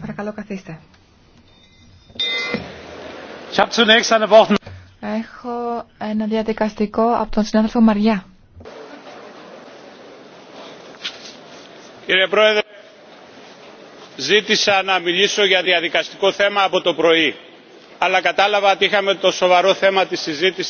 παρακαλώ καθίστε. Έχω ένα διαδικαστικό από τον συνάδελφο Μαριά. Κύριε Πρόεδρε, ζήτησα να μιλήσω για διαδικαστικό θέμα από το πρωί, αλλά κατάλαβα ότι είχαμε το σοβαρό θέμα της συζήτησης.